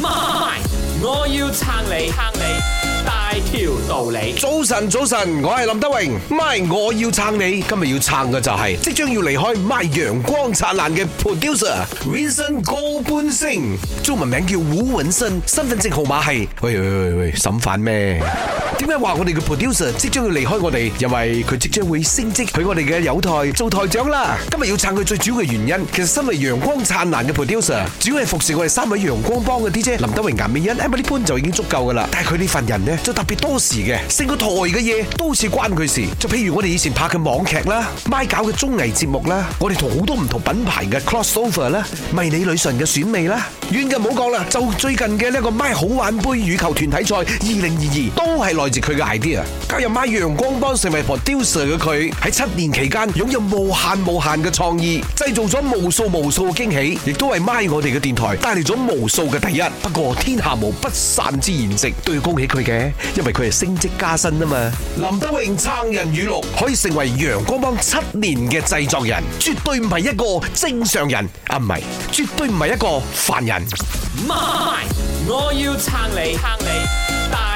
my 我要撐你，撐你大條道理。早晨，早晨，我係林德榮。咪，我要撐你，今日要撐嘅就係即將要離開咪陽光燦爛嘅 producer Vincent 高半星，中文名叫胡允新，身份證號碼係。喂喂喂喂，審犯咩？點解話我哋嘅 producer 即將要離開我哋？因為佢即將會升職喺我哋嘅友台做台長啦。今日要撐佢最主要嘅原因，其實身為陽光燦爛嘅 producer，主要係服侍我哋三位陽光幫嘅 DJ。林德榮、顏美恩、Emily 潘，就已經足夠噶啦。但係佢呢份人呢，就特別多事嘅，升個台嘅嘢都好似關佢事。就譬如我哋以前拍嘅網劇啦，MY 搞嘅綜藝節目啦，我哋同好多唔同品牌嘅 crossover 啦，迷你女神嘅選美啦，遠嘅唔好講啦。就最近嘅呢個 MY 好玩杯羽球團體賽，二零二二都係來。佢嘅 idea，加入 my 陽光幫成為 producer 嘅佢，喺七年期間擁有無限無限嘅創意，製造咗無數無數嘅驚喜，亦都為 my 我哋嘅電台帶嚟咗無數嘅第一。不過天下無不散之筵席，都要恭喜佢嘅，因為佢係升職加薪啊嘛。林德榮撐人語錄，可以成為陽光幫七年嘅製作人，絕對唔係一個正常人，啊唔係，絕對唔係一個凡人。my，我要撐你。撐你